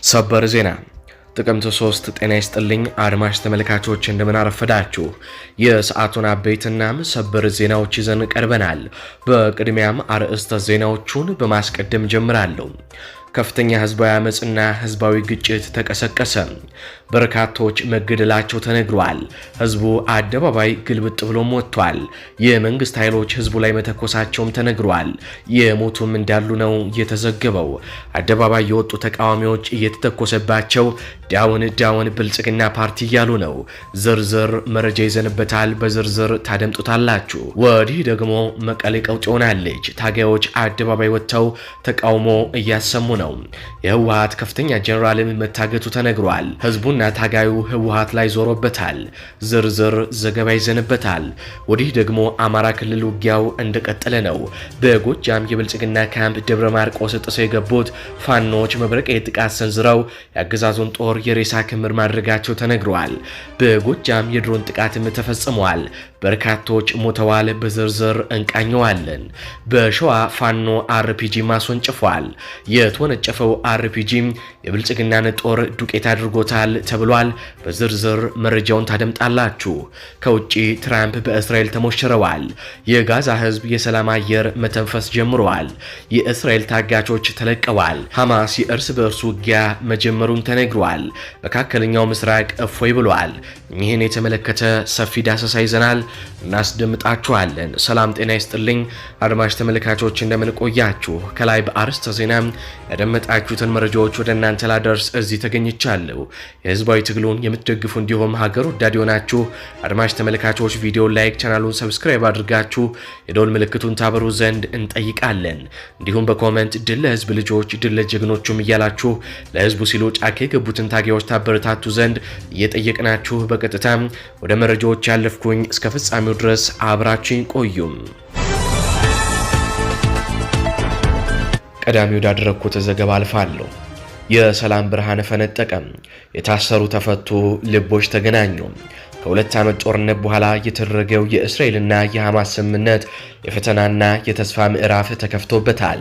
सबर जेना ጥቅምት 3 ጤና ይስጥልኝ አድማሽ ተመልካቾች፣ እንደምናረፈዳችሁ የሰዓቱን አበይትናም ሰበር ዜናዎች ይዘን ቀርበናል። በቅድሚያም አርዕስተ ዜናዎቹን በማስቀደም ጀምራለሁ። ከፍተኛ ህዝባዊ አመፅና ህዝባዊ ግጭት ተቀሰቀሰ። በርካቶች መገደላቸው ተነግሯል። ህዝቡ አደባባይ ግልብጥ ብሎም ወጥቷል። የመንግስት ኃይሎች ህዝቡ ላይ መተኮሳቸውም ተነግሯል። የሞቱም እንዳሉ ነው የተዘገበው። አደባባይ የወጡ ተቃዋሚዎች እየተተኮሰባቸው ዳውን ዳውን ብልጽግና ፓርቲ እያሉ ነው። ዝርዝር መረጃ ይዘንበታል። በዝርዝር ታደምጡታላችሁ። ወዲህ ደግሞ መቀሌ ቀውጥ ሆናለች። ታጋዮች አደባባይ ወጥተው ተቃውሞ እያሰሙ ነው። የህወሀት ከፍተኛ ጀኔራልም መታገቱ ተነግሯል። ህዝቡና ታጋዩ ህወሀት ላይ ዞሮበታል። ዝርዝር ዘገባ ይዘንበታል። ወዲህ ደግሞ አማራ ክልል ውጊያው እንደቀጠለ ነው። በጎጃም የብልጽግና ካምፕ ደብረ ማርቆስ ጥሰው የገቡት ፋኖች መብረቅ ጥቃት ሰንዝረው የአገዛዙን ጦር የሬሳ ክምር ማድረጋቸው ተነግሯል። በጎጃም የድሮን ጥቃትም ተፈጽሟል። በርካቶች ሞተዋል። በዝርዝር እንቃኘዋለን። በሸዋ ፋኖ አርፒጂ ማስወንጭፏል። የተወነጨፈው አርፒጂ የብልጽግናን ጦር ዱቄት አድርጎታል ተብሏል። በዝርዝር መረጃውን ታደምጣላችሁ። ከውጭ ትራምፕ በእስራኤል ተሞሽረዋል። የጋዛ ህዝብ የሰላም አየር መተንፈስ ጀምረዋል። የእስራኤል ታጋቾች ተለቀዋል። ሐማስ የእርስ በእርሱ ውጊያ መጀመሩን ተነግሯል። መካከለኛው ምስራቅ እፎይ ብሏል። ይህን የተመለከተ ሰፊ ዳሰሳ ይዘናል፣ እናስደምጣችኋለን። ሰላም ጤና ይስጥልኝ አድማጭ ተመልካቾች እንደምንቆያችሁ ከላይ በአርስተ ዜና ያደመጣችሁትን መረጃዎች ወደ እናንተ ላደርስ እዚህ ተገኝቻለሁ። የህዝባዊ ትግሉን የምትደግፉ እንዲሁም ሀገር ወዳድ የሆናችሁ አድማጭ ተመልካቾች ቪዲዮ ላይክ፣ ቻናሉን ሰብስክራይብ አድርጋችሁ የደወል ምልክቱን ታበሩ ዘንድ እንጠይቃለን። እንዲሁም በኮመንት ድል ለህዝብ ልጆች፣ ድል ለጀግኖቹም እያላችሁ ለህዝቡ ሲሉ ጫካ የገቡትን ታጋዮች ታበረታቱ ዘንድ እየጠየቅናችሁ በቀጥታ ወደ መረጃዎች ያለፍኩኝ እስከ ፍጻሜው ድረስ አብራችሁኝ ቆዩም። ቀዳሚ ወዳደረግኩት ዘገባ አልፋለሁ። የሰላም ብርሃን ፈነጠቀም። የታሰሩ ተፈቱ፣ ልቦች ተገናኙ። ከሁለት ዓመት ጦርነት በኋላ የተደረገው የእስራኤልና የሐማስ ስምምነት የፈተናና የተስፋ ምዕራፍ ተከፍቶበታል።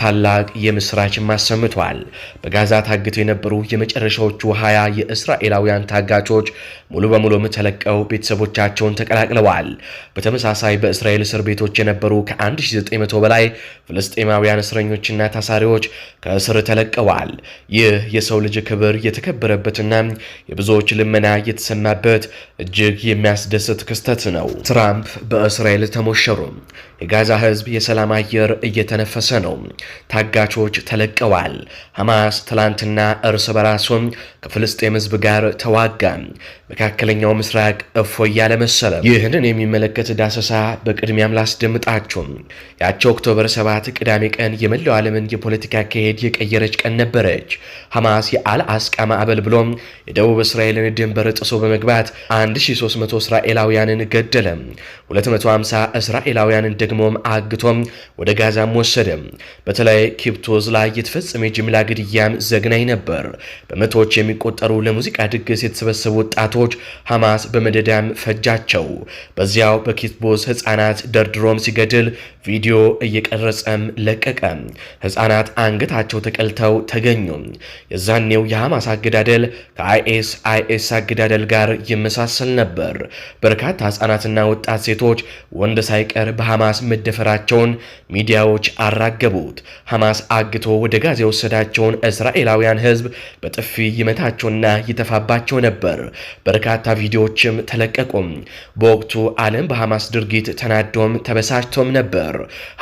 ታላቅ የምስራችም አሰምቷል። በጋዛ ታግተው የነበሩ የመጨረሻዎቹ ሀያ የእስራኤላውያን ታጋቾች ሙሉ በሙሉም ተለቀው ቤተሰቦቻቸውን ተቀላቅለዋል። በተመሳሳይ በእስራኤል እስር ቤቶች የነበሩ ከ1900 በላይ ፍልስጤማውያን እስረኞችና ታሳሪዎች ከእስር ተለቀዋል። ይህ የሰው ልጅ ክብር የተከበረበትና የብዙዎች ልመና የተሰማበት እጅግ የሚያስደስት ክስተት ነው። ትራምፕ በእስራኤል ተሞሸሩ። የጋዛ ህዝብ የሰላም አየር እየተነፈሰ ነው። ታጋቾች ተለቀዋል። ሐማስ ትላንትና እርስ በራሱ ከፍልስጤም ህዝብ ጋር ተዋጋ። መካከለኛው ምስራቅ እፎ እያለ መሰለ። ይህንን የሚመለከት ዳሰሳ በቅድሚያም ላስደምጣችሁ። ያቸው ኦክቶበር 7 ቅዳሜ ቀን የመላው ዓለምን የፖለቲካ አካሄድ የቀየረች ቀን ነበረች። ሐማስ የአል ማዕበል ብሎም የደቡብ እስራኤልን ድንበር ጥሶ በመግባት 1300 እስራኤላውያንን ገደለ። 250 እስራኤላውያንን ደግሞም አግቶም ወደ ጋዛም ወሰደ። በተለይ ኪብቶዝ ላይ የተፈጸመ የጅምላ ግድያም ዘግናኝ ነበር። በመቶዎች የሚቆጠሩ ለሙዚቃ ድግስ የተሰበሰቡ ወጣቶች ሐማስ በመደዳም ፈጃቸው። በዚያው በኪብቶዝ ህፃናት ደርድሮም ሲገድል ቪዲዮ እየቀረጸም ለቀቀ። ህፃናት አንገታቸው ተቀልተው ተገኙ። የዛኔው የሐማስ አገዳደል ከአይኤስ አይኤስ አገዳደል ጋር ይመሳሰል ሲያሰላስል ነበር። በርካታ ህጻናትና ወጣት ሴቶች ወንድ ሳይቀር በሐማስ መደፈራቸውን ሚዲያዎች አራገቡት። ሐማስ አግቶ ወደ ጋዛ የወሰዳቸውን እስራኤላውያን ህዝብ በጥፊ ይመታቸውና ይተፋባቸው ነበር። በርካታ ቪዲዮዎችም ተለቀቁም። በወቅቱ ዓለም በሐማስ ድርጊት ተናዶም ተበሳጭቶም ነበር።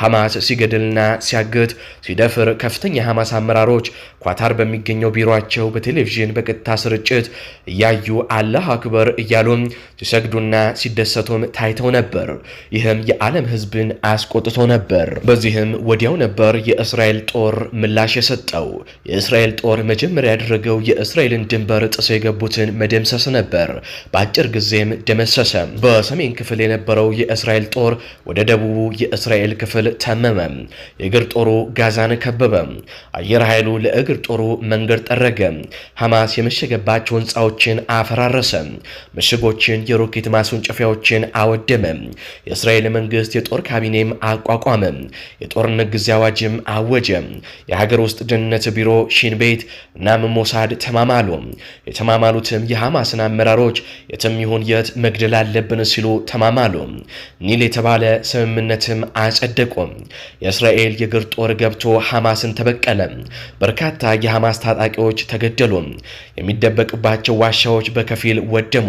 ሐማስ ሲገድልና ሲያግት ሲደፍር ከፍተኛ የሐማስ አመራሮች ኳታር በሚገኘው ቢሮቸው በቴሌቪዥን በቀጥታ ስርጭት እያዩ አላህ አክበር እያ እያሉ ሲሰግዱና ሲደሰቱም ታይተው ነበር። ይህም የዓለም ህዝብን አስቆጥቶ ነበር። በዚህም ወዲያው ነበር የእስራኤል ጦር ምላሽ የሰጠው። የእስራኤል ጦር መጀመሪያ ያደረገው የእስራኤልን ድንበር ጥሰው የገቡትን መደምሰስ ነበር። በአጭር ጊዜም ደመሰሰ። በሰሜን ክፍል የነበረው የእስራኤል ጦር ወደ ደቡቡ የእስራኤል ክፍል ተመመ። የእግር ጦሩ ጋዛን ከበበ። አየር ኃይሉ ለእግር ጦሩ መንገድ ጠረገ። ሐማስ የመሸገባቸው ህንፃዎችን አፈራረሰ። ምሽጎችን፣ የሮኬት ማስወንጨፊያዎችን አወደመ። የእስራኤል መንግስት የጦር ካቢኔም አቋቋመ። የጦርነት ጊዜ አዋጅም አወጀ። የሀገር ውስጥ ደህንነት ቢሮ፣ ሺን ቤት እናም ሞሳድ ተማማሉ። የተማማሉትም የሐማስን አመራሮች የትም ይሁን የት መግደል አለብን ሲሉ ተማማሉ። ኒል የተባለ ስምምነትም አጸደቁ። የእስራኤል የእግር ጦር ገብቶ ሐማስን ተበቀለ። በርካታ የሐማስ ታጣቂዎች ተገደሉ። የሚደበቅባቸው ዋሻዎች በከፊል ወደሙ።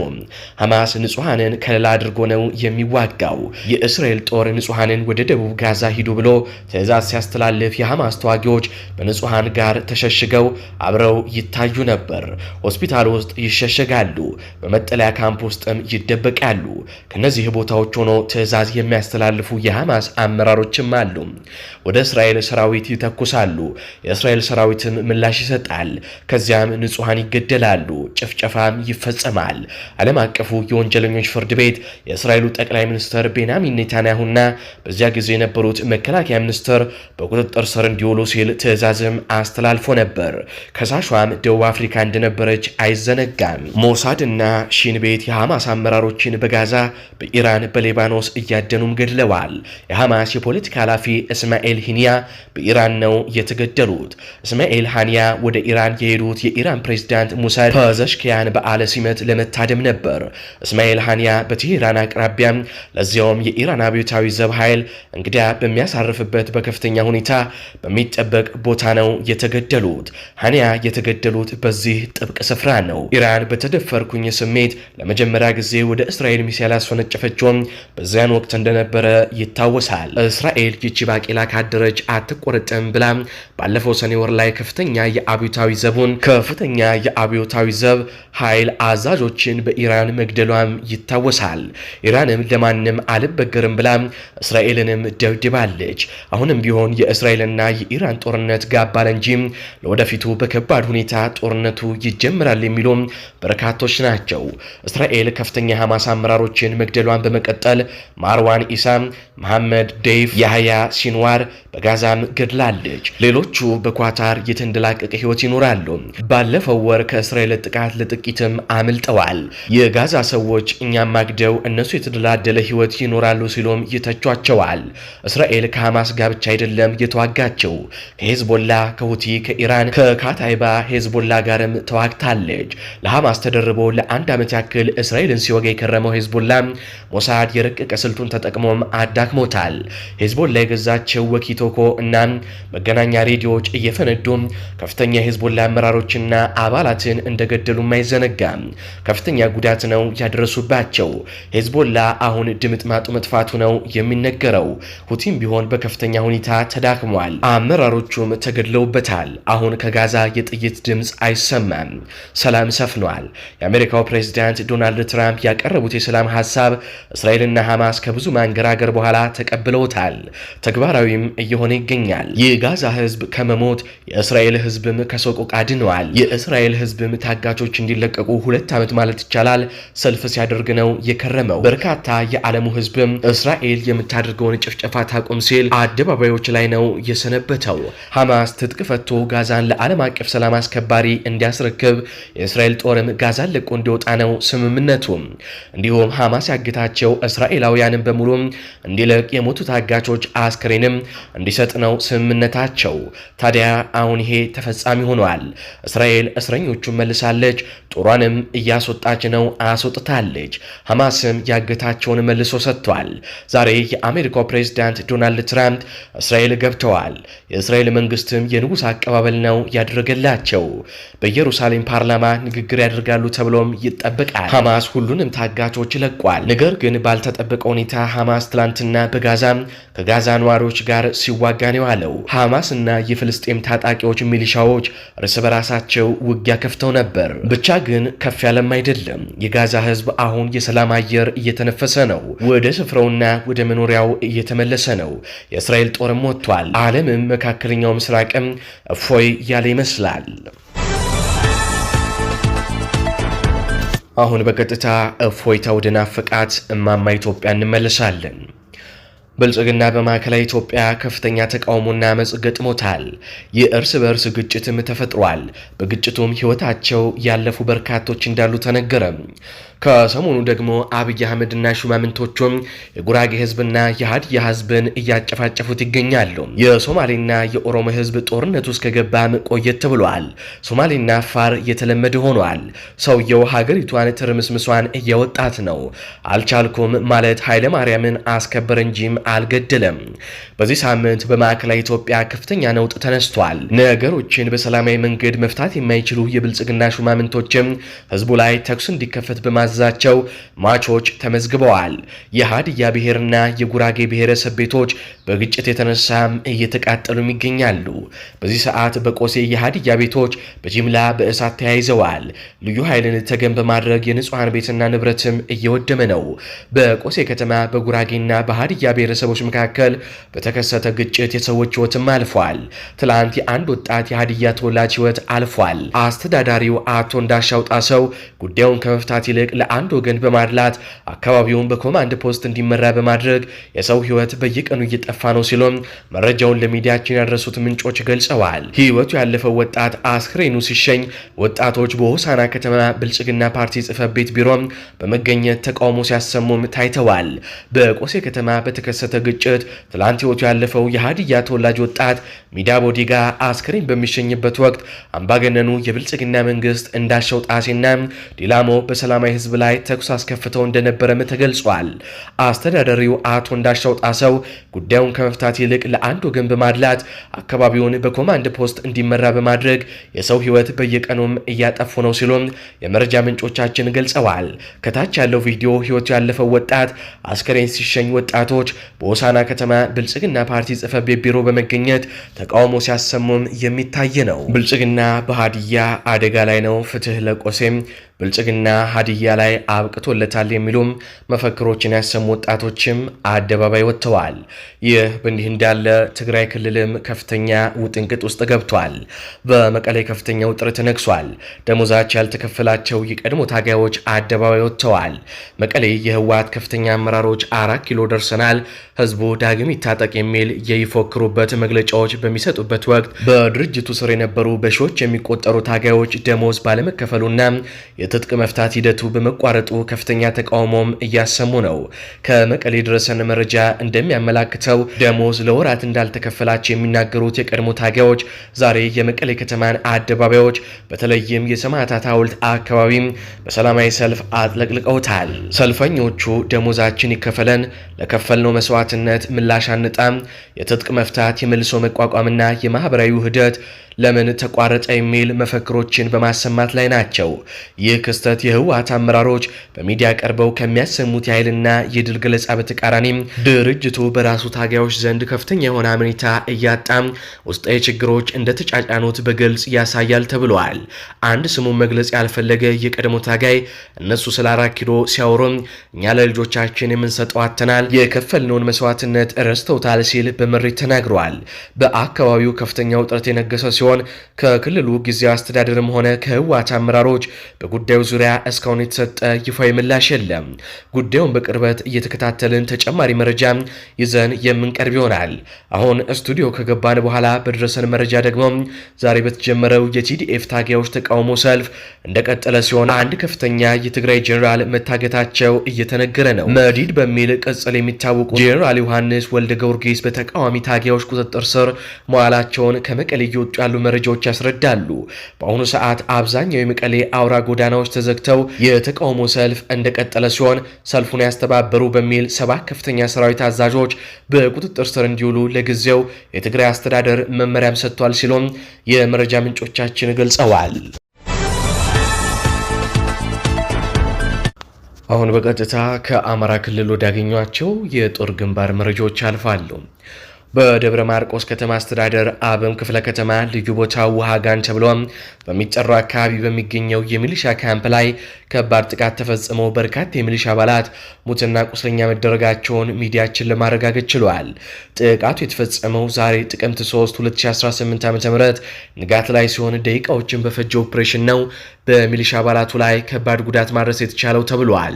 ሐማስ ንጹሐንን ከለላ አድርጎ ነው የሚዋጋው። የእስራኤል ጦር ንጹሐንን ወደ ደቡብ ጋዛ ሂዱ ብሎ ትዕዛዝ ሲያስተላልፍ የሐማስ ተዋጊዎች በንጹሐን ጋር ተሸሽገው አብረው ይታዩ ነበር። ሆስፒታል ውስጥ ይሸሸጋሉ፣ በመጠለያ ካምፕ ውስጥም ይደበቃሉ። ከነዚህ ቦታዎች ሆኖ ትዕዛዝ የሚያስተላልፉ የሐማስ አመራሮችም አሉ። ወደ እስራኤል ሰራዊት ይተኩሳሉ። የእስራኤል ሰራዊትም ምላሽ ይሰጣል። ከዚያም ንጹሐን ይገደላሉ፣ ጭፍጨፋም ይፈጸማል። ዓለም አቀፉ የወንጀለኞች ፍርድ ቤት የእስራኤሉ ጠቅላይ ሚኒስትር ቤንያሚን ኔታንያሁና በዚያ ጊዜ የነበሩት መከላከያ ሚኒስትር በቁጥጥር ስር እንዲውሉ ሲል ትዕዛዝም አስተላልፎ ነበር። ከሳሿም ደቡብ አፍሪካ እንደነበረች አይዘነጋም። ሞሳድ እና ሺን ቤት የሐማስ አመራሮችን በጋዛ በኢራን በሌባኖስ እያደኑም ገድለዋል። የሐማስ የፖለቲካ ኃላፊ እስማኤል ሂኒያ በኢራን ነው የተገደሉት። እስማኤል ሃኒያ ወደ ኢራን የሄዱት የኢራን ፕሬዚዳንት ሙሳ ፐዘሽኪያን በዓለ ሲመት ለመታደም ነበር። ነበር። እስማኤል ሃኒያ በቴህራን አቅራቢያም ለዚያውም የኢራን አብዮታዊ ዘብ ኃይል እንግዲያ በሚያሳርፍበት በከፍተኛ ሁኔታ በሚጠበቅ ቦታ ነው የተገደሉት። ሃኒያ የተገደሉት በዚህ ጥብቅ ስፍራ ነው። ኢራን በተደፈርኩኝ ስሜት ለመጀመሪያ ጊዜ ወደ እስራኤል ሚሳይል አስፈነጨፈችውም በዚያን ወቅት እንደነበረ ይታወሳል። እስራኤል ይቺ ባቄላ ካደረች አትቆረጥም ብላ ባለፈው ሰኔ ወር ላይ ከፍተኛ የአብዮታዊ ዘቡን ከፍተኛ የአብዮታዊ ዘብ ኃይል አዛዦችን በኢራን ኢራን መግደሏም ይታወሳል። ኢራንም ለማንም አልበገርም ብላ እስራኤልንም ደብድባለች። አሁንም ቢሆን የእስራኤልና የኢራን ጦርነት ጋባለ እንጂ ለወደፊቱ በከባድ ሁኔታ ጦርነቱ ይጀምራል የሚሉም በርካቶች ናቸው። እስራኤል ከፍተኛ ሐማስ አመራሮችን መግደሏን በመቀጠል ማርዋን ኢሳ፣ መሐመድ ደይፍ፣ ያህያ ሲንዋር በጋዛም ገድላለች። ሌሎቹ በኳታር የተንደላቀቀ ህይወት ይኖራሉ። ባለፈው ወር ከእስራኤል ጥቃት ለጥቂትም አምልጠዋል። የጋዛ ሰዎች እኛም ማግደው እነሱ የተደላደለ ህይወት ይኖራሉ ሲሉም ይተቿቸዋል። እስራኤል ከሐማስ ጋር ብቻ አይደለም የተዋጋቸው ከሄዝቦላ፣ ከሁቲ፣ ከኢራን፣ ከካታይባ ሄዝቦላ ጋርም ተዋግታለች። ለሐማስ ተደርቦ ለአንድ ዓመት ያክል እስራኤልን ሲወጋ የከረመው ሄዝቦላ ሞሳድ የረቀቀ ስልቱን ተጠቅሞም አዳክሞታል። ሄዝቦላ የገዛቸው ወኪቶኮ እና መገናኛ ሬዲዮዎች እየፈነዱ ከፍተኛ የሄዝቦላ አመራሮችና አባላትን እንደገደሉም አይዘነጋም። ከፍተኛ ጉዳ ጉዳት ነው ያደረሱባቸው። ሄዝቦላ አሁን ድምጥ ማጡ መጥፋቱ ነው የሚነገረው። ሁቲም ቢሆን በከፍተኛ ሁኔታ ተዳክሟል፣ አመራሮቹም ተገድለውበታል። አሁን ከጋዛ የጥይት ድምፅ አይሰማም፣ ሰላም ሰፍኗል። የአሜሪካው ፕሬዚዳንት ዶናልድ ትራምፕ ያቀረቡት የሰላም ሀሳብ እስራኤልና ሐማስ ከብዙ ማንገራገር በኋላ ተቀብለውታል፣ ተግባራዊም እየሆነ ይገኛል። የጋዛ ህዝብ ከመሞት የእስራኤል ህዝብም ከሰቆቃ ድነዋል። የእስራኤል ህዝብም ታጋቾች እንዲለቀቁ ሁለት ዓመት ማለት ይቻላል ሰልፍ ሲያደርግ ነው የከረመው። በርካታ የዓለሙ ህዝብም እስራኤል የምታደርገውን ጭፍጨፋ ታቁም ሲል አደባባዮች ላይ ነው የሰነበተው። ሐማስ ትጥቅ ፈቶ ጋዛን ለዓለም አቀፍ ሰላም አስከባሪ እንዲያስረክብ የእስራኤል ጦርም ጋዛን ለቆ እንዲወጣ ነው ስምምነቱ። እንዲሁም ሐማስ ያግታቸው እስራኤላውያንም በሙሉ እንዲለቅ፣ የሞቱ ታጋቾች አስክሬንም እንዲሰጥ ነው ስምምነታቸው። ታዲያ አሁን ይሄ ተፈጻሚ ሆኗል። እስራኤል እስረኞቹን መልሳለች፣ ጦሯንም እያስወጣች ነው አስወጥታለች። ሐማስም ያገታቸውን መልሶ ሰጥቷል። ዛሬ የአሜሪካው ፕሬዚዳንት ዶናልድ ትራምፕ እስራኤል ገብተዋል። የእስራኤል መንግስትም የንጉሥ አቀባበል ነው ያደረገላቸው። በኢየሩሳሌም ፓርላማ ንግግር ያደርጋሉ ተብሎም ይጠበቃል። ሐማስ ሁሉንም ታጋቾች ለቋል። ነገር ግን ባልተጠበቀ ሁኔታ ሐማስ ትላንትና በጋዛም ከጋዛ ነዋሪዎች ጋር ሲዋጋ ነው ሐማስ እና የፍልስጤም ታጣቂዎች ሚሊሻዎች እርስ በራሳቸው ውጊያ ከፍተው ነበር። ብቻ ግን ከፍ ያለም አይደለም። የጋዛ ህዝብ አሁን የሰላም አየር እየተነፈሰ ነው። ወደ ስፍራውና ወደ መኖሪያው እየተመለሰ ነው። የእስራኤል ጦርም ወጥቷል። ዓለምም መካከለኛው ምስራቅም እፎይ ያለ ይመስላል። አሁን በቀጥታ እፎይታ ወደ ናፍቃት እማማ ኢትዮጵያ እንመለሳለን። ብልጽግና በማዕከላዊ ኢትዮጵያ ከፍተኛ ተቃውሞና አመፅ ገጥሞታል። የእርስ በእርስ ግጭትም ተፈጥሯል። በግጭቱም ህይወታቸው ያለፉ በርካቶች እንዳሉ ተነገረም። ከሰሞኑ ደግሞ አብይ አህመድና ሹማምንቶቹም የጉራጌ ህዝብና የሀዲያ ህዝብን እያጨፋጨፉት ይገኛሉ። የሶማሌና የኦሮሞ ህዝብ ጦርነት ውስጥ ከገባም ቆየት ተብሏል። ሶማሌና አፋር እየተለመደ ሆኗል። ሰውየው ሀገሪቷን ትርምስምሷን እየወጣት ነው። አልቻልኩም ማለት ኃይለማርያምን ማርያምን አስከበር እንጂም አልገደለም። በዚህ ሳምንት በማዕከላዊ ኢትዮጵያ ከፍተኛ ነውጥ ተነስቷል። ነገሮችን በሰላማዊ መንገድ መፍታት የማይችሉ የብልጽግና ሹማምንቶችም ህዝቡ ላይ ተኩስ እንዲከፈት በማዘ የሚያዛቸው ማቾች ተመዝግበዋል። የሀድያ ብሔርና የጉራጌ ብሔረሰብ ቤቶች በግጭት የተነሳም እየተቃጠሉም ይገኛሉ። በዚህ ሰዓት በቆሴ የሀድያ ቤቶች በጅምላ በእሳት ተያይዘዋል። ልዩ ኃይልን ተገን በማድረግ የንጹሐን ቤትና ንብረትም እየወደመ ነው። በቆሴ ከተማ በጉራጌና በሀድያ ብሔረሰቦች መካከል በተከሰተ ግጭት የሰዎች ሕይወትም አልፏል። ትላንት የአንድ ወጣት የሀድያ ተወላጅ ሕይወት አልፏል። አስተዳዳሪው አቶ እንዳሻውጣ ሰው ጉዳዩን ከመፍታት ይልቅ ለአንድ ወገን በማድላት አካባቢውን በኮማንድ ፖስት እንዲመራ በማድረግ የሰው ህይወት በየቀኑ እየጠፋ ነው ሲሉም መረጃውን ለሚዲያችን ያደረሱት ምንጮች ገልጸዋል። ህይወቱ ያለፈው ወጣት አስክሬኑ ሲሸኝ ወጣቶች በሆሳና ከተማ ብልጽግና ፓርቲ ጽሕፈት ቤት ቢሮም በመገኘት ተቃውሞ ሲያሰሙም ታይተዋል። በቆሴ ከተማ በተከሰተ ግጭት ትላንት ህይወቱ ያለፈው የሀዲያ ተወላጅ ወጣት ሚዳ ቦዲጋ አስክሬን በሚሸኝበት ወቅት አምባገነኑ የብልጽግና መንግስት እንዳሸውጣሴና ጣሴና ዲላሞ በሰላማዊ ህዝብ ላይ ተኩስ አስከፍተው እንደነበረም ተገልጿል። አስተዳዳሪው አቶ እንዳሻው ጣሰው ጉዳዩን ከመፍታት ይልቅ ለአንድ ወገን በማድላት አካባቢውን በኮማንድ ፖስት እንዲመራ በማድረግ የሰው ህይወት በየቀኑም እያጠፉ ነው ሲሉም የመረጃ ምንጮቻችን ገልጸዋል። ከታች ያለው ቪዲዮ ህይወቱ ያለፈው ወጣት አስከሬን ሲሸኝ ወጣቶች በሆሳና ከተማ ብልጽግና ፓርቲ ጽሕፈት ቤት ቢሮ በመገኘት ተቃውሞ ሲያሰሙም የሚታይ ነው። ብልጽግና በሀዲያ አደጋ ላይ ነው፣ ፍትህ ለቆሴም ብልጽግና ሀዲያ ላይ አብቅቶለታል የሚሉም መፈክሮችን ያሰሙ ወጣቶችም አደባባይ ወጥተዋል። ይህ በእንዲህ እንዳለ ትግራይ ክልልም ከፍተኛ ውጥንቅጥ ውስጥ ገብቷል። በመቀሌ ከፍተኛ ውጥረት ተነግሷል። ደሞዛቸው ያልተከፈላቸው የቀድሞ ታጋዮች አደባባይ ወጥተዋል። መቀሌ የህወሓት ከፍተኛ አመራሮች አራት ኪሎ ደርሰናል፣ ህዝቡ ዳግም ይታጠቅ የሚል የይፎክሩበት መግለጫዎች በሚሰጡበት ወቅት በድርጅቱ ስር የነበሩ በሺዎች የሚቆጠሩ ታጋዮች ደሞዝ ባለመከፈሉና የትጥቅ መፍታት ሂደቱ በመቋረጡ ከፍተኛ ተቃውሞም እያሰሙ ነው። ከመቀሌ የደረሰን መረጃ እንደሚያመላክተው ደሞዝ ለወራት እንዳልተከፈላቸው የሚናገሩት የቀድሞ ታጋዮች ዛሬ የመቀሌ ከተማን አደባባዮች በተለይም የሰማዕታት ሐውልት አካባቢም በሰላማዊ ሰልፍ አጥለቅልቀውታል። ሰልፈኞቹ ደሞዛችን ይከፈለን፣ ለከፈልነው መስዋዕትነት ምላሽ አንጣም፣ የትጥቅ መፍታት የመልሶ መቋቋምና የማህበራዊ ውህደት ለምን ተቋረጠ የሚል መፈክሮችን በማሰማት ላይ ናቸው። ይህ ክስተት የህወሀት አመራሮች በሚዲያ ቀርበው ከሚያሰሙት የኃይልና የድል ገለጻ በተቃራኒም ድርጅቱ በራሱ ታጋዮች ዘንድ ከፍተኛ የሆነ አመኔታ እያጣም ውስጣዊ ችግሮች እንደተጫጫኑት በግልጽ ያሳያል ተብሏል። አንድ ስሙን መግለጽ ያልፈለገ የቀድሞ ታጋይ እነሱ ስለ አራት ኪሎ ሲያወሩም እኛ ለልጆቻችን የምንሰጠው አተናል የከፈልነውን መስዋዕትነት ረስተውታል ሲል በምሬት ተናግረዋል። በአካባቢው ከፍተኛ ውጥረት የነገሰ ሲሆን ከክልሉ ጊዜያዊ አስተዳደርም ሆነ ከህወሓት አመራሮች በጉ ጉዳዩ ዙሪያ እስካሁን የተሰጠ ይፋዊ ምላሽ የለም። ጉዳዩን በቅርበት እየተከታተልን ተጨማሪ መረጃ ይዘን የምንቀርብ ይሆናል። አሁን ስቱዲዮ ከገባን በኋላ በደረሰን መረጃ ደግሞ ዛሬ በተጀመረው የቲዲኤፍ ታጋዮች ተቃውሞ ሰልፍ እንደቀጠለ ሲሆን አንድ ከፍተኛ የትግራይ ጄኔራል መታገታቸው እየተነገረ ነው። መዲድ በሚል ቅጽል የሚታወቁ ጄኔራል ዮሐንስ ወልደ ጊዮርጊስ በተቃዋሚ ታጋዮች ቁጥጥር ስር መዋላቸውን ከመቀሌ እየወጡ ያሉ መረጃዎች ያስረዳሉ። በአሁኑ ሰዓት አብዛኛው የመቀሌ አውራ ጎዳና ጎዳናዎች ተዘግተው የተቃውሞ ሰልፍ እንደቀጠለ ሲሆን ሰልፉን ያስተባበሩ በሚል ሰባ ከፍተኛ ሰራዊት አዛዦች በቁጥጥር ስር እንዲውሉ ለጊዜው የትግራይ አስተዳደር መመሪያም ሰጥቷል ሲሉም የመረጃ ምንጮቻችን ገልጸዋል። አሁን በቀጥታ ከአማራ ክልል ወዳገኟቸው የጦር ግንባር መረጃዎች አልፋሉ። በደብረ ማርቆስ ከተማ አስተዳደር አብም ክፍለ ከተማ ልዩ ውሃ ውሃጋን ተብሎ በሚጠራው አካባቢ በሚገኘው የሚሊሻ ካምፕ ላይ ከባድ ጥቃት ተፈጽሞ በርካታ የሚሊሻ አባላት ሙትና ቁስለኛ መደረጋቸውን ሚዲያችን ለማረጋገጥ ችሏል። ጥቃቱ የተፈጸመው ዛሬ ጥቅምት 3 2018 ዓ ም ንጋት ላይ ሲሆን ደቂቃዎችን በፈጀ ኦፕሬሽን ነው። በሚሊሻ አባላቱ ላይ ከባድ ጉዳት ማድረስ የተቻለው ተብሏል።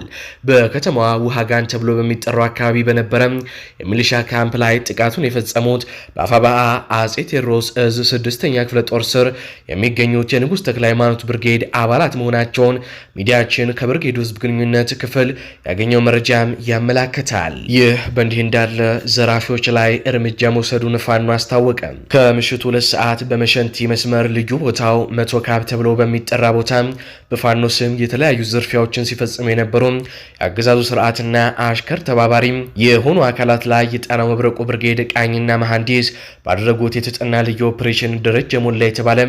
በከተማዋ ውሃጋን ተብሎ በሚጠራው አካባቢ በነበረም የሚሊሻ ካምፕ ላይ ጥቃቱን የፈጸሙት በአፋባአ አጼ ቴዎድሮስ እዝ ስድስተኛ ክፍለ ጦር ስር የሚገኙት የንጉሥ ተክለ ሃይማኖት ብርጌድ አባላት መሆናቸውን ሚዲያችን ከብርጌዱ ህዝብ ግንኙነት ክፍል ያገኘው መረጃም ያመላክታል። ይህ በእንዲህ እንዳለ ዘራፊዎች ላይ እርምጃ መውሰዱን ፋኖ አስታወቀ። ከምሽቱ ሁለት ሰዓት በመሸንቲ መስመር ልዩ ቦታው መቶ ካብ ተብሎ በሚጠራ ቦታ በፋኖ ስም የተለያዩ ዝርፊያዎችን ሲፈጽሙ የነበሩ የአገዛዙ ስርዓትና አሽከር ተባባሪ የሆኑ አካላት ላይ የጣና መብረቁ ብርጌድ ቃኝና መሐንዲስ ባደረጉት የተጠና ልዩ ኦፕሬሽን ደረጀ ሞላ የተባለ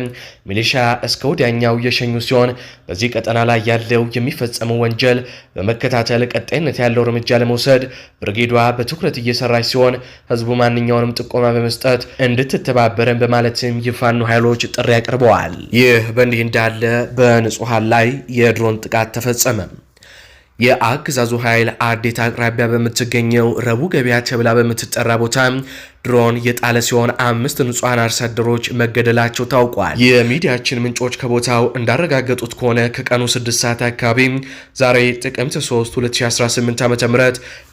ሚሊሻ እስከ ወዲያኛው የሸኙ ሲሆን በዚህ ቀጠና ላይ ያለው የሚፈጸመው ወንጀል በመከታተል ቀጣይነት ያለው እርምጃ ለመውሰድ ብርጌዷ በትኩረት እየሰራች ሲሆን ህዝቡ ማንኛውንም ጥቆማ በመስጠት እንድትተባበረን በማለትም የፋኖ ኃይሎች ጥሪ አቅርበዋል። ይህ በእንዲህ እንዳለ በንጹሐን ላይ የድሮን ጥቃት ተፈጸመ። የአገዛዙ ኃይል አዴት አቅራቢያ በምትገኘው ረቡ ገበያ ተብላ በምትጠራ ቦታ ድሮን የጣለ ሲሆን አምስት ንጹሐን አርሶ አደሮች መገደላቸው ታውቋል። የሚዲያችን ምንጮች ከቦታው እንዳረጋገጡት ከሆነ ከቀኑ 6 ሰዓት አካባቢ ዛሬ ጥቅምት 3 2018 ዓ ም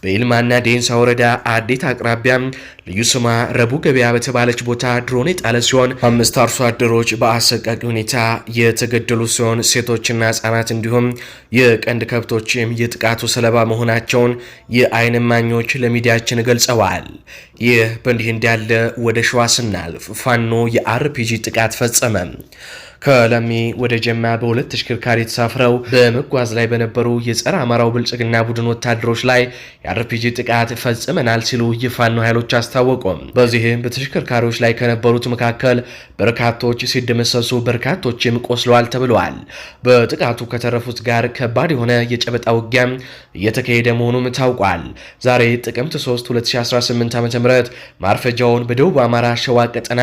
በይልማና ዴንሳ ወረዳ አዴት አቅራቢያ ልዩ ስማ ረቡ ገበያ በተባለች ቦታ ድሮን የጣለ ሲሆን አምስት አርሶ አደሮች በአሰቃቂ ሁኔታ የተገደሉ ሲሆን ሴቶችና ህጻናት እንዲሁም የቀንድ ከብቶችም የጥቃቱ ሰለባ መሆናቸውን የአይን እማኞች ለሚዲያችን ገልጸዋል። ይህ በእንዲህ እንዳለ ወደ ሸዋ ስናልፍ ፋኖ የአርፒጂ ጥቃት ፈጸመ። ከለሚ ወደ ጀማ በሁለት ተሽከርካሪ ተሳፍረው በመጓዝ ላይ በነበሩ የጸረ አማራው ብልጽግና ቡድን ወታደሮች ላይ የአርፒጂ ጥቃት ፈጽመናል ሲሉ የፋኖ ኃይሎች አስታወቁም። በዚህም በተሽከርካሪዎች ላይ ከነበሩት መካከል በርካቶች ሲደመሰሱ፣ በርካቶችም ቆስለዋል ተብለዋል። በጥቃቱ ከተረፉት ጋር ከባድ የሆነ የጨበጣ ውጊያም እየተካሄደ መሆኑም ታውቋል። ዛሬ ጥቅምት 3 2018 ዓ ም ማርፈጃውን በደቡብ አማራ ሸዋ ቀጠና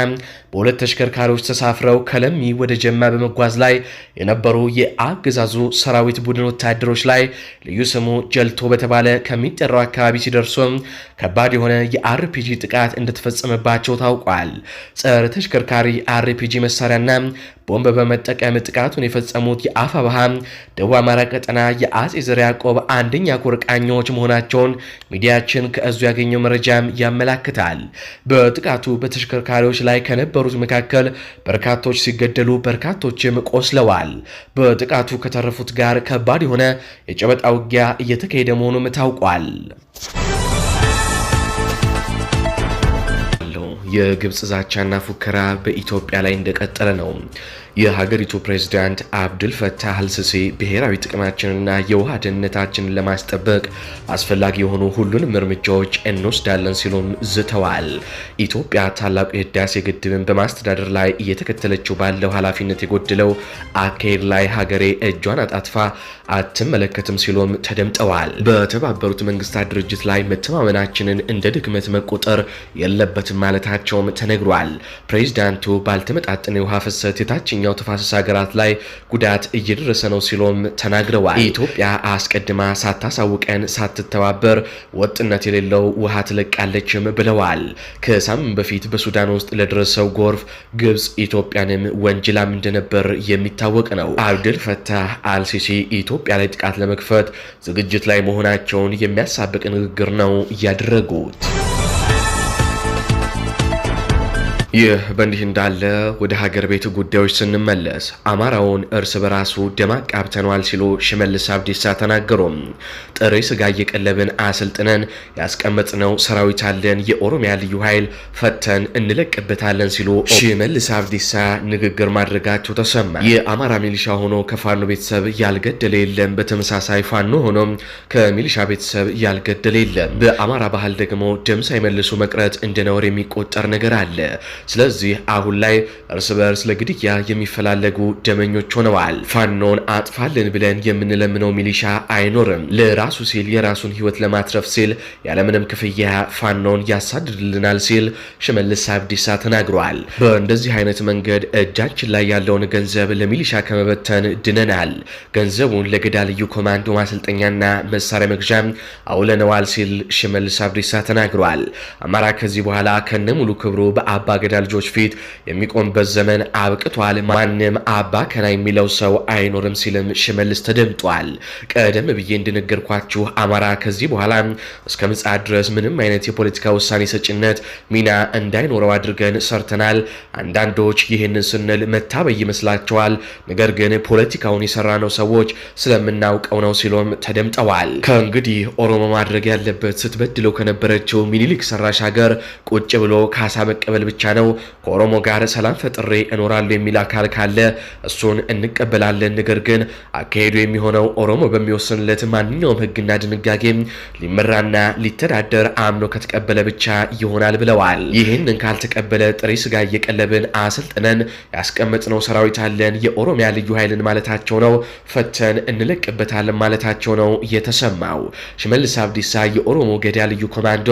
በሁለት ተሽከርካሪዎች ተሳፍረው ከለሚ ወደ ጀማ መጀመሪያ በመጓዝ ላይ የነበሩ የአገዛዙ ሰራዊት ቡድን ወታደሮች ላይ ልዩ ስሙ ጀልቶ በተባለ ከሚጠራው አካባቢ ሲደርሱም ከባድ የሆነ የአርፒጂ ጥቃት እንደተፈጸመባቸው ታውቋል። ጸረ ተሽከርካሪ አርፒጂ መሳሪያና ቦምብ በመጠቀም ጥቃቱን የፈጸሙት የአፋ ባሃ ደቡብ አማራ ቀጠና የአጼ ዘር ያዕቆብ አንደኛ ኮር ቃኞች መሆናቸውን ሚዲያችን ከእዙ ያገኘው መረጃም ያመላክታል። በጥቃቱ በተሽከርካሪዎች ላይ ከነበሩት መካከል በርካቶች ሲገደሉ በርካቶችም ቆስለዋል። በጥቃቱ ከተረፉት ጋር ከባድ የሆነ የጨበጣ ውጊያ እየተካሄደ መሆኑም ታውቋል። የግብፅ ዛቻና ፉከራ በኢትዮጵያ ላይ እንደቀጠለ ነው። የሀገሪቱ ፕሬዝዳንት አብድል ፈታህ አልሲሲ ብሔራዊ ጥቅማችንና የውሃ ደህንነታችንን ለማስጠበቅ አስፈላጊ የሆኑ ሁሉንም እርምጃዎች እንወስዳለን ሲሉም ዝተዋል። ኢትዮጵያ ታላቁ የህዳሴ ግድብን በማስተዳደር ላይ እየተከተለችው ባለው ኃላፊነት የጎደለው አካሄድ ላይ ሀገሬ እጇን አጣጥፋ አትመለከትም ሲሉም ተደምጠዋል። በተባበሩት መንግስታት ድርጅት ላይ መተማመናችንን እንደ ድክመት መቆጠር የለበትም ማለታቸውም ተነግሯል። ፕሬዝዳንቱ ባልተመጣጠነ የውሃ ፍሰት የታችኛ በታችኛው ተፋሰስ ሀገራት ላይ ጉዳት እየደረሰ ነው ሲሉም ተናግረዋል። ኢትዮጵያ አስቀድማ ሳታሳውቀን ሳትተባበር ወጥነት የሌለው ውሃ ትለቃለችም ብለዋል። ከሳምንት በፊት በሱዳን ውስጥ ለደረሰው ጎርፍ ግብጽ ኢትዮጵያንም ወንጅላም እንደነበር የሚታወቅ ነው። አብድል ፈታህ አልሲሲ ኢትዮጵያ ላይ ጥቃት ለመክፈት ዝግጅት ላይ መሆናቸውን የሚያሳብቅ ንግግር ነው ያደረጉት። ይህ በእንዲህ እንዳለ ወደ ሀገር ቤት ጉዳዮች ስንመለስ አማራውን እርስ በራሱ ደም አቃብተነዋል ሲሉ ሽመልስ አብዲሳ ተናገሩ። ጥሬ ስጋ እየቀለብን አሰልጥነን ያስቀመጥነው ሰራዊት አለን፣ የኦሮሚያ ልዩ ኃይል ፈተን እንለቅበታለን ሲሉ ሽመልስ አብዲሳ ንግግር ማድረጋቸው ተሰማ። የአማራ ሚሊሻ ሆኖ ከፋኖ ቤተሰብ ያልገደለ የለም። በተመሳሳይ ፋኖ ሆኖም ከሚሊሻ ቤተሰብ ያልገደለ የለም። በአማራ ባህል ደግሞ ደም ሳይመልሱ መቅረት እንደ ነውር የሚቆጠር ነገር አለ። ስለዚህ አሁን ላይ እርስ በርስ ለግድያ የሚፈላለጉ ደመኞች ሆነዋል። ፋኖን አጥፋልን ብለን የምንለምነው ሚሊሻ አይኖርም። ለራሱ ሲል የራሱን ህይወት ለማትረፍ ሲል ያለምንም ክፍያ ፋኖን ያሳድድልናል ሲል ሽመልስ አብዲሳ ተናግሯል። በእንደዚህ አይነት መንገድ እጃችን ላይ ያለውን ገንዘብ ለሚሊሻ ከመበተን ድነናል። ገንዘቡን ለገዳ ልዩ ኮማንዶ ማሰልጠኛና መሳሪያ መግዣም አውለነዋል ሲል ሽመልስ አብዲሳ ተናግሯል። አማራ ከዚህ በኋላ ከነ ሙሉ ክብሩ በአባ ገዳ በሜዳ ልጆች ፊት የሚቆምበት ዘመን አብቅቷል፣ ማንም አባ ከና የሚለው ሰው አይኖርም ሲልም ሽመልስ ተደምጧል። ቀደም ብዬ እንደነገርኳችሁ አማራ ከዚህ በኋላ እስከ ምጽአት ድረስ ምንም አይነት የፖለቲካ ውሳኔ ሰጭነት ሚና እንዳይኖረው አድርገን ሰርተናል። አንዳንዶች ይህንን ስንል መታበይ ይመስላቸዋል፣ ነገር ግን ፖለቲካውን የሰራ ነው ሰዎች ስለምናውቀው ነው ሲሉም ተደምጠዋል። ከእንግዲህ ኦሮሞ ማድረግ ያለበት ስትበድለው ከነበረችው ሚኒሊክ ሰራሽ ሀገር ቁጭ ብሎ ካሳ መቀበል ብቻ ነው። ነው። ከኦሮሞ ጋር ሰላም ፈጥሬ እኖራለሁ የሚል አካል ካለ እሱን እንቀበላለን። ነገር ግን አካሄዱ የሚሆነው ኦሮሞ በሚወስንለት ማንኛውም ህግና ድንጋጌም ሊመራና ሊተዳደር አምኖ ከተቀበለ ብቻ ይሆናል ብለዋል። ይህንን ካልተቀበለ ጥሬ ስጋ እየቀለብን አሰልጥነን ያስቀመጥነው ሰራዊት አለን የኦሮሚያ ልዩ ኃይልን ማለታቸው ነው። ፈተን እንለቅበታለን ማለታቸው ነው የተሰማው። ሽመልስ አብዲሳ የኦሮሞ ገዳ ልዩ ኮማንዶ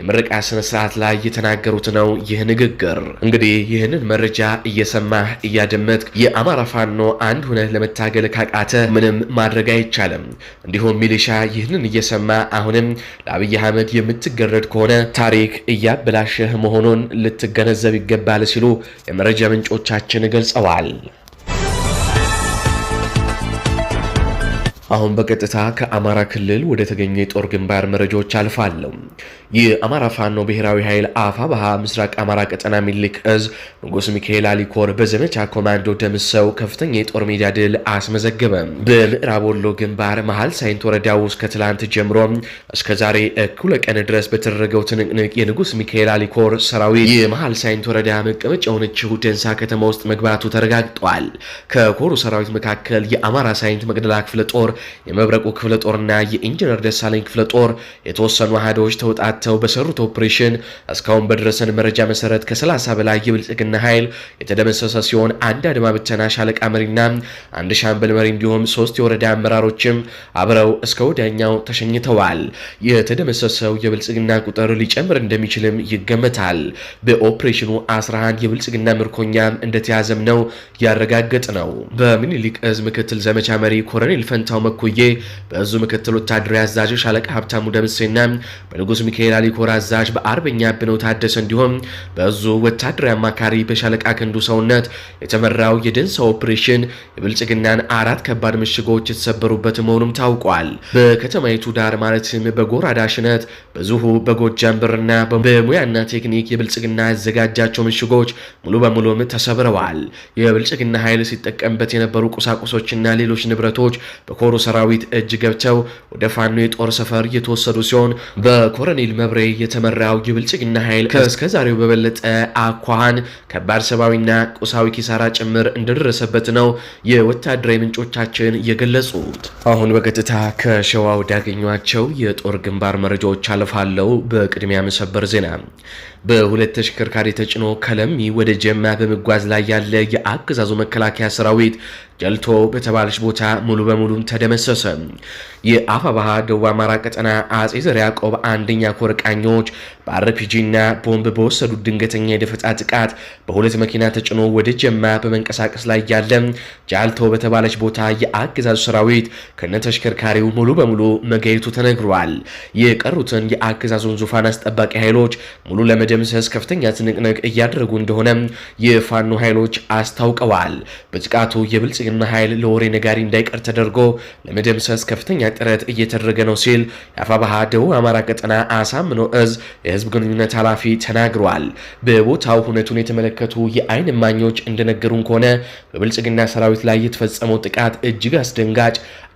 የምረቃ ስነስርዓት ላይ የተናገሩት ነው ይህ ንግግር ነበር። እንግዲህ ይህንን መረጃ እየሰማ እያደመጥክ የአማራ ፋኖ አንድ ሁነህ ለመታገል ካቃተ ምንም ማድረግ አይቻልም። እንዲሁም ሚሊሻ ይህንን እየሰማ አሁንም ለአብይ አህመድ የምትገረድ ከሆነ ታሪክ እያበላሸህ መሆኑን ልትገነዘብ ይገባል ሲሉ የመረጃ ምንጮቻችን ገልጸዋል። አሁን በቀጥታ ከአማራ ክልል ወደ ተገኘ የጦር ግንባር መረጃዎች አልፋለሁ። የአማራ ፋኖ ብሔራዊ ኃይል አፋ ባሃ ምስራቅ አማራ ቀጠና ሚልክ እዝ ንጉስ ሚካኤል አሊኮር በዘመቻ ኮማንዶ ደምሰው ከፍተኛ የጦር ሜዳ ድል አስመዘገበ። በምዕራብ ወሎ ግንባር መሀል ሳይንት ወረዳ ውስጥ ከትላንት ጀምሮ ዛሬ እኩለ ቀን ድረስ በተደረገው ትንቅንቅ የንጉስ ሚካኤል አሊኮር ሰራዊት የመሀል ሳይንት ወረዳ መቀመጫ የሆነችው ደንሳ ከተማ ውስጥ መግባቱ ተረጋግጧል። ከኮሩ ሰራዊት መካከል የአማራ ሳይንት መቅደላ ክፍለ ጦር፣ የመብረቁ ክፍለ ጦርና የኢንጂነር ደሳለኝ ክፍለ ጦር የተወሰኑ አህዶች ተውጣት ተካተው በሰሩት ኦፕሬሽን እስካሁን በደረሰን መረጃ መሰረት ከ30 በላይ የብልጽግና ኃይል የተደመሰሰ ሲሆን አንድ አድማ ብተና ሻለቃ መሪና አንድ ሻምበል መሪ እንዲሁም ሶስት የወረዳ አመራሮችም አብረው እስከ ወዲያኛው ተሸኝተዋል። የተደመሰሰው የብልጽግና ቁጥር ሊጨምር እንደሚችልም ይገመታል። በኦፕሬሽኑ 11 የብልጽግና ምርኮኛም እንደተያዘም ነው ያረጋገጥ ነው። በምኒልክ እዝ ምክትል ዘመቻ መሪ ኮሎኔል ፈንታው መኮዬ፣ በእዙ ምክትል ወታደራዊ አዛዥ ሻለቃ ሀብታሙ ደምሴና በንጉስ ሚካኤል ሌላ ሊኮር አዛዥ በአርበኛ ብነው ታደሰ እንዲሁም በዙ ወታደራዊ አማካሪ በሻለቃ ክንዱ ሰውነት የተመራው የደንሳ ኦፕሬሽን የብልጽግናን አራት ከባድ ምሽጎች የተሰበሩበት መሆኑም ታውቋል። በከተማይቱ ዳር ማለትም በጎራ ሽነት፣ በዙሁ፣ በጎጃም ብርና በሙያና ቴክኒክ የብልጽግና ያዘጋጃቸው ምሽጎች ሙሉ በሙሉም ተሰብረዋል። የብልጽግና ኃይል ሲጠቀምበት የነበሩ ቁሳቁሶችና ሌሎች ንብረቶች በኮሩ ሰራዊት እጅ ገብተው ወደ ፋኖ የጦር ሰፈር እየተወሰዱ ሲሆን በኮረኔል መብሬ የተመራው የብልጽግና ኃይል ዛሬው በበለጠ አኳኋን ከባድ ሰብአዊና ቁሳዊ ኪሳራ ጭምር እንደደረሰበት ነው የወታደራዊ ምንጮቻችን የገለጹት። አሁን በቀጥታ ከሸዋ ወዳገኟቸው የጦር ግንባር መረጃዎች አልፋለሁ። በቅድሚያ መሰበር ዜና በሁለት ተሽከርካሪ ተጭኖ ከለሚ ወደ ጀማ በመጓዝ ላይ ያለ የአገዛዙ መከላከያ ሰራዊት ጀልቶ በተባለች ቦታ ሙሉ በሙሉ ተደመሰሰ። የአፋባሃ ደቡብ አማራ ቀጠና አጼ ዘር ያዕቆብ አንደኛ ኮር ቃኞች በአርፒጂና ቦምብ በወሰዱት ድንገተኛ የደፈጣ ጥቃት በሁለት መኪና ተጭኖ ወደ ጀማ በመንቀሳቀስ ላይ ያለ ጃልቶ በተባለች ቦታ የአገዛዙ ሰራዊት ከነተሽከርካሪው ሙሉ በሙሉ መገየቱ ተነግሯል። የቀሩትን የአገዛዙን ዙፋን አስጠባቂ ኃይሎች ሙሉ ለመደምሰስ ከፍተኛ ትንቅንቅ እያደረጉ እንደሆነ የፋኖ ኃይሎች አስታውቀዋል። በጥቃቱ የብልጽ ብልጽግና ኃይል ለወሬ ነጋሪ እንዳይቀር ተደርጎ ለመደምሰስ ከፍተኛ ጥረት እየተደረገ ነው ሲል የአፋባሃ ደቡብ አማራ ቀጠና አሳምነው እዝ የህዝብ ግንኙነት ኃላፊ ተናግረዋል። በቦታው ሁነቱን የተመለከቱ የአይን እማኞች እንደነገሩን ከሆነ በብልጽግና ሰራዊት ላይ የተፈጸመው ጥቃት እጅግ አስደንጋጭ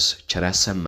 ድረስ ቸር ያሰማን።